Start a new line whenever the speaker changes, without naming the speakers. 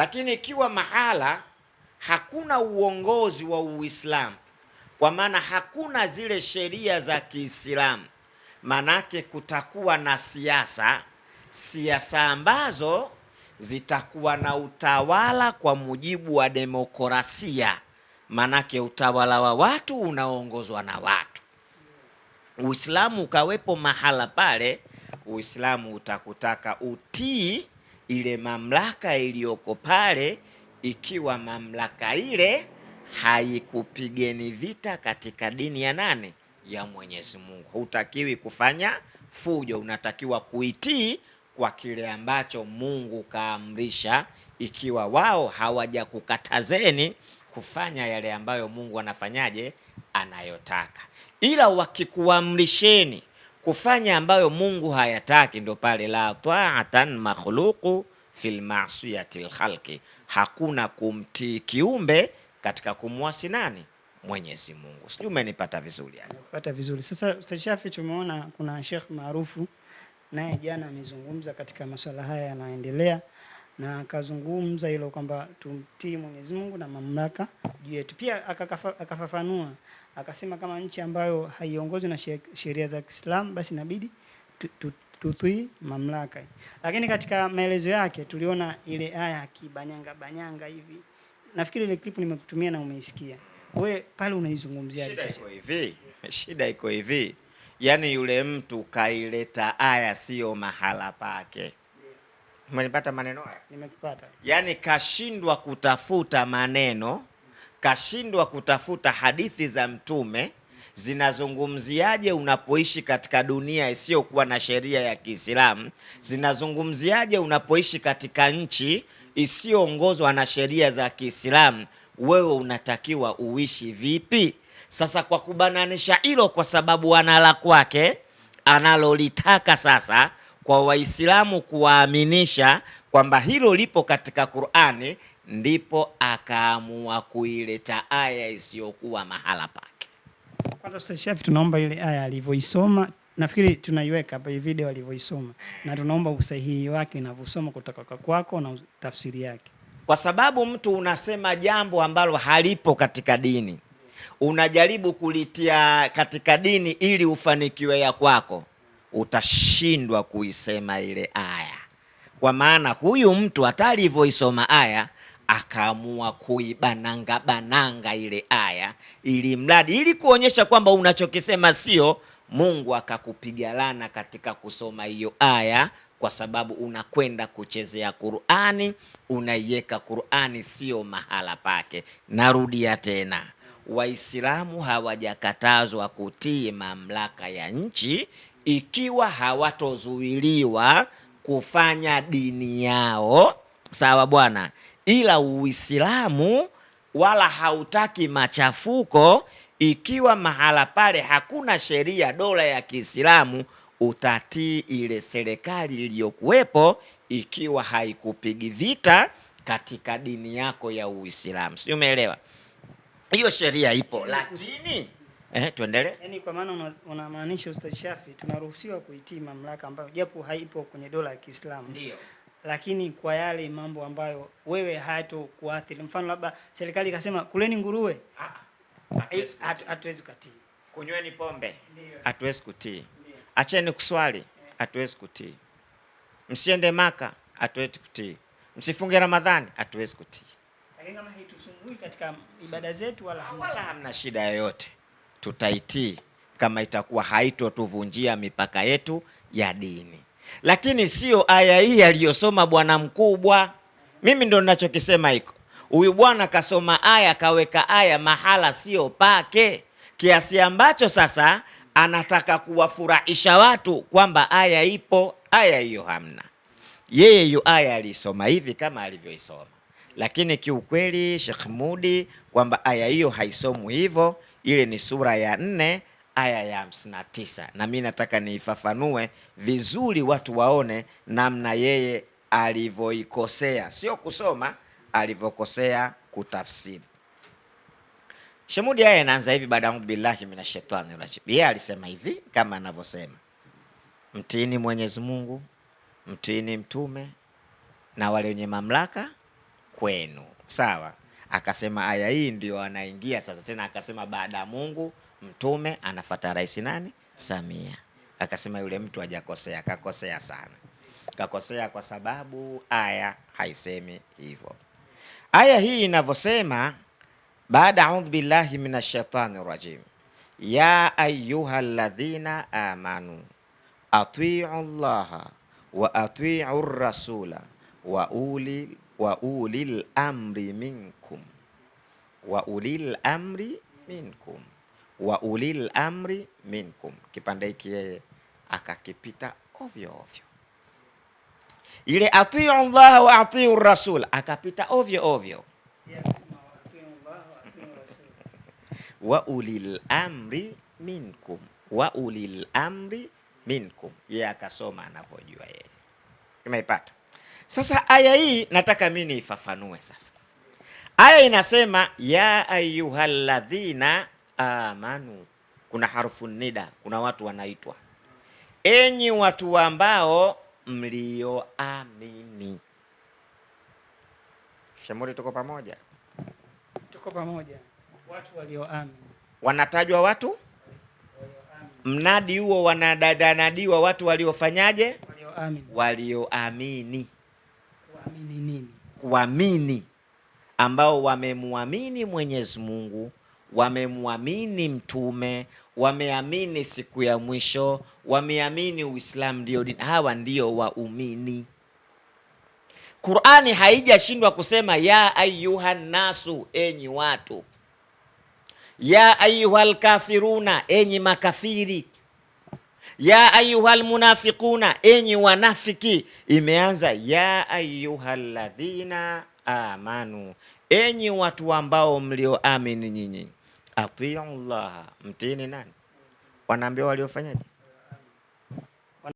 Lakini ikiwa mahala hakuna uongozi wa Uislamu, kwa maana hakuna zile sheria za Kiislamu, manake kutakuwa na siasa, siasa ambazo zitakuwa na utawala kwa mujibu wa demokrasia, manake utawala wa watu unaongozwa na watu. Uislamu ukawepo mahala pale, Uislamu utakutaka utii ile mamlaka iliyoko pale, ikiwa mamlaka ile haikupigeni vita katika dini ya nani, ya Mwenyezi Mungu, hutakiwi kufanya fujo, unatakiwa kuitii kwa kile ambacho Mungu kaamrisha, ikiwa wao hawajakukatazeni kufanya yale ambayo Mungu anafanyaje, anayotaka, ila wakikuamrisheni kufanya ambayo Mungu hayataki, ndo pale la taatan makhluqu fil ma'siyati lkhalqi, hakuna kumtii kiumbe katika kumwasi nani Mwenyezi Mungu. Sijui umenipata vizuri yani.
Pata vizuri. Sasa Ustaz Shafi, tumeona kuna Sheikh maarufu naye jana amezungumza katika masuala haya yanayoendelea na akazungumza hilo kwamba tumtii Mwenyezi Mungu na mamlaka juu yetu. Pia akafafanua akasema, kama nchi ambayo haiongozwi na sheria za Kiislamu, basi inabidi tutii mamlaka. Lakini katika maelezo yake tuliona ile aya kibanyanga banyanga hivi, nafikiri ile clip nimekutumia na umeisikia wewe pale, unaizungumzia
shida iko hivi, shida iko hivi, yaani yule mtu kaileta aya, sio mahala pake. Umenipata maneno haya? Nimekupata. Yaani kashindwa kutafuta maneno, kashindwa kutafuta hadithi za Mtume zinazungumziaje unapoishi katika dunia isiyokuwa na sheria ya Kiislamu, zinazungumziaje unapoishi katika nchi isiyoongozwa na sheria za Kiislamu, wewe unatakiwa uishi vipi? Sasa kwa kubananisha hilo, kwa sababu wana la kwake analolitaka sasa kwa Waislamu kuwaaminisha kwamba hilo lipo katika Qur'ani, ndipo akaamua kuileta aya isiyokuwa mahala pake.
Kwanza Sheikh tunaomba ile aya alivyoisoma, nafikiri tunaiweka hapa hii video alivyoisoma, na tunaomba usahihi wake inavyosoma kutoka kwako na tafsiri yake,
kwa sababu mtu unasema jambo ambalo halipo katika dini, unajaribu kulitia katika dini ili ufanikiwe ya kwako utashindwa kuisema ile aya, kwa maana huyu mtu hata alivyoisoma aya akaamua kuibananga bananga ile aya, ili mradi ili kuonyesha kwamba unachokisema sio. Mungu akakupiga katika kusoma hiyo aya, kwa sababu unakwenda kuchezea Qur'ani, unaiweka Qur'ani sio mahala pake. Narudia tena, Waislamu hawajakatazwa kutii mamlaka ya nchi ikiwa hawatozuiliwa kufanya dini yao, sawa bwana. Ila Uislamu wala hautaki machafuko. Ikiwa mahala pale hakuna sheria, dola ya Kiislamu utatii ile serikali iliyokuwepo, ikiwa haikupigi vita katika dini yako ya Uislamu, si umeelewa? Hiyo sheria ipo, lakini Eh, tuendelee.
Yaani kwa maana unamaanisha Ustaz Shafi tunaruhusiwa kuitii mamlaka ambayo japo haipo kwenye dola ya Kiislamu. Ndio. Lakini kwa yale mambo ambayo wewe hayato kuathiri, mfano labda serikali ikasema kuleni nguruwe,
ah, hatuwezi kutii. Kunyweni pombe, hatuwezi kutii. Acheni kuswali, hatuwezi kutii. Msiende Maka, hatuwezi kutii. Msifunge Ramadhani, hatuwezi kutii.
Lakini kama haitusumbui katika ibada zetu wala
hamna shida yoyote tutaitii kama itakuwa haitotuvunjia mipaka yetu ya dini. Lakini siyo aya hii aliyosoma bwana mkubwa, mimi ndo ninachokisema hiko. Huyu bwana kasoma aya, kaweka aya mahala sio pake, kiasi ambacho sasa anataka kuwafurahisha watu kwamba aya ipo, aya hiyo hamna. Yeye hiyo aya aliisoma hivi kama alivyoisoma, lakini kiukweli Sheikh Mudi kwamba aya hiyo haisomwi hivyo ile ni sura ya nne aya ya hamsini na tisa na mi nataka niifafanue vizuri watu waone namna yeye alivyoikosea, sio kusoma, alivyokosea kutafsiri. Shemudi haya inaanza hivi, baada audhu billahi minashaitani rajim. Yeye alisema hivi kama anavyosema, mtiini Mwenyezi Mungu, mtiini mtume na wale wenye mamlaka kwenu, sawa akasema aya hii ndio anaingia sasa tena, akasema baada ya Mungu mtume anafata rais nani? Samia. Akasema yule mtu hajakosea, kakosea sana, kakosea kwa sababu aya haisemi hivyo. Aya hii inavyosema, baada audhu billahi minashaitani rajim, ya ayuha ladhina amanu atiu llaha wa atiu rasula wa uli wa ulil amri minkum wa ulil amri minkum wa ulil amri minkum. Kipande hiki yeye akakipita ovyo ovyo, ile atiu llah wa atiu rasul akapita ovyo ovyo wa ulil amri minkum wa ulil amri minkum, yeye akasoma anavyojua yeye. Imeipata? Sasa aya hii nataka mimi niifafanue sasa. Aya inasema ya ayyuhalladhina amanu, kuna harufu nida, kuna watu wanaitwa enyi watu ambao mlioamini. Shemuri, tuko pamoja?
Tuko pamoja. Watu walioamini
wanatajwa, watu Mnadi huo wanadadanadiwa watu waliofanyaje? Walioamini, walioamini waamini ambao wamemwamini Mwenyezi Mungu, wamemwamini mtume, wameamini siku ya mwisho, wameamini Uislamu ndio dini. Hawa ndio waumini. Qurani haijashindwa kusema ya ayuha nasu, enyi watu, ya ayuha lkafiruna, enyi makafiri ya ayuhal munafiquna, enyi wanafiki. Imeanza ya ayuhal ladhina amanu, enyi watu ambao mlioamini nyinyi. Atiu llaha, mtini nani? Wanaambia waliofanyaje?